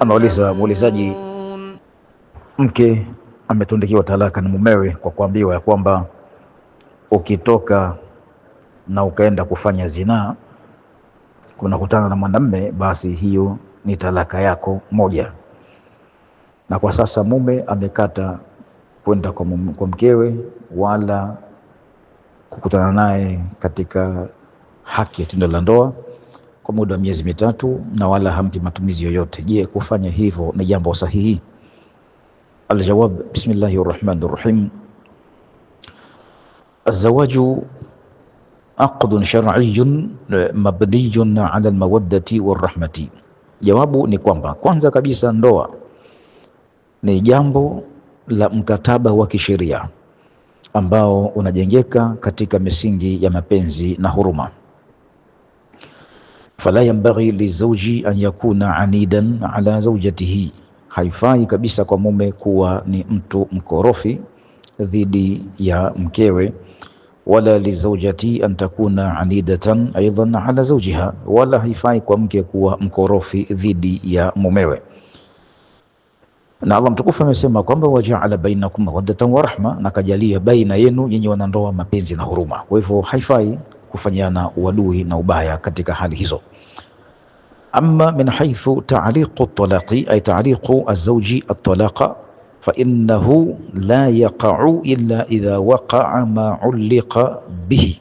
Anauliza muulizaji, mke ametundikiwa talaka na mumewe kwa kuambiwa ya kwamba ukitoka na ukaenda kufanya zinaa kunakutana na mwanamume, basi hiyo ni talaka yako moja. Na kwa sasa mume amekata kwenda kwa mkewe wala kukutana naye katika haki ya tendo la ndoa kwa muda wa miezi mitatu na wala hamti matumizi yoyote. Je, kufanya hivyo ni jambo sahihi? Aljawab, bismillahir rahmani rahim. Azawaju aqdun shar'iyyun mabniyun ala almawaddati warahmati. Jawabu ni kwamba kwanza kabisa ndoa ni jambo la mkataba wa kisheria ambao unajengeka katika misingi ya mapenzi na huruma. Fala yambaghi lizauji an yakuna anidan ala zaujatihi, haifai kabisa kwa mume kuwa ni mtu mkorofi dhidi ya mkewe. Wala lizaujati an takuna anidatan aidan ala zaujiha, wala haifai kwa mke kuwa mkorofi dhidi ya mumewe. Na Allah mtukufu amesema kwamba wajaala bainakum mawaddatan wa rahma, na kajalia baina yenu yenye wanandoa mapenzi na huruma. Kwa hivyo haifai kufanyana uadui na ubaya katika hali hizo. Amma min haythu at talaqi ay az-zawji at-talaqa fa innahu la yaqa'u illa idha waqa'a ma ulliqa bihi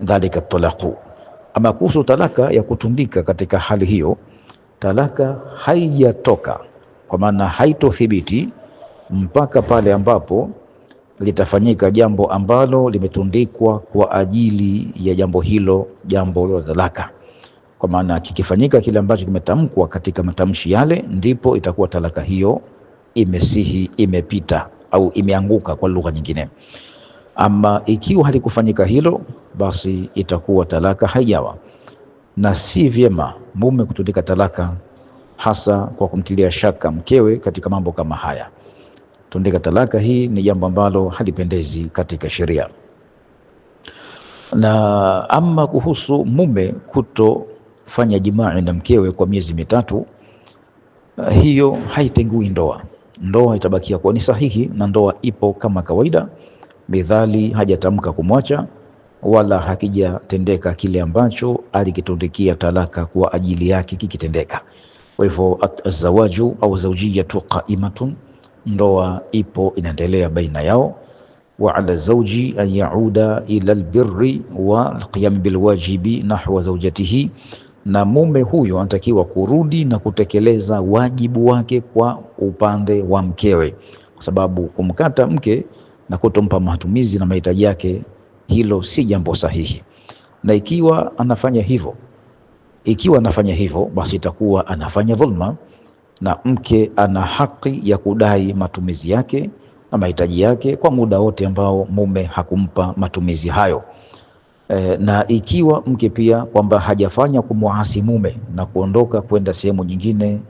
dhalika talaqu. Ama kuhusu talaka ya kutundika, katika hali hiyo talaka haijatoka kwa maana haitothibiti mpaka pale ambapo litafanyika jambo ambalo limetundikwa kwa ajili ya jambo hilo, jambo la talaka. Kwa maana kikifanyika kile ambacho kimetamkwa katika matamshi yale, ndipo itakuwa talaka hiyo imesihi, imepita au imeanguka, kwa lugha nyingine. Ama ikiwa halikufanyika hilo, basi itakuwa talaka haijawa, na si vyema mume kutundika talaka hasa kwa kumtilia shaka mkewe katika mambo kama haya. Tundika talaka hii ni jambo ambalo halipendezi katika sheria. Na ama kuhusu mume kutofanya jimaa na mkewe kwa miezi mitatu, eh, hiyo haitengui ndoa. Ndoa itabakia kuwa ni sahihi na ndoa ipo kama kawaida, midhali hajatamka kumwacha wala hakijatendeka kile ambacho alikitundikia talaka kwa ajili yake kikitendeka kwa hivyo azawaju au zaujiyatu qaimatun, ndoa ipo inaendelea baina yao. Wa ala zauji an yauda ila albirri wa alqiyam bilwajibi nahwa zaujatihi, na mume huyo anatakiwa kurudi na kutekeleza wajibu wake kwa upande wa mkewe, kwa sababu kumkata mke na kutompa matumizi na mahitaji yake, hilo si jambo sahihi, na ikiwa anafanya hivyo ikiwa anafanya hivyo, basi itakuwa anafanya dhulma, na mke ana haki ya kudai matumizi yake na mahitaji yake kwa muda wote ambao mume hakumpa matumizi hayo. E, na ikiwa mke pia kwamba hajafanya kumwasi mume na kuondoka kwenda sehemu nyingine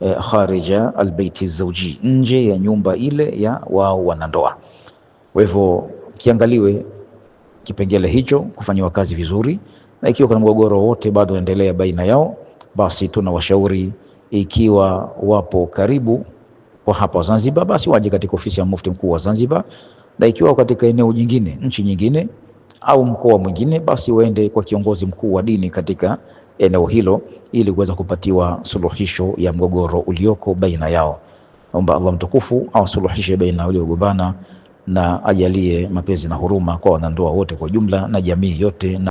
e, kharija albeiti zauji, nje ya nyumba ile ya wao wanandoa. Kwa hivyo kiangaliwe kipengele hicho kufanyiwa kazi vizuri, na ikiwa kuna mgogoro wote bado endelea baina yao, basi tuna washauri ikiwa wapo karibu kwa hapa Zanzibar, basi waje katika ofisi ya Mufti Mkuu wa Zanzibar, na ikiwa katika eneo jingine, nchi nyingine au mkoa mwingine, basi waende kwa kiongozi mkuu wa dini katika eneo hilo ili kuweza kupatiwa suluhisho ya mgogoro ulioko baina yao. Naomba Allah mtukufu awasuluhishe baina waliogombana na ajalie mapenzi na huruma kwa wanandoa wote kwa jumla na jamii yote na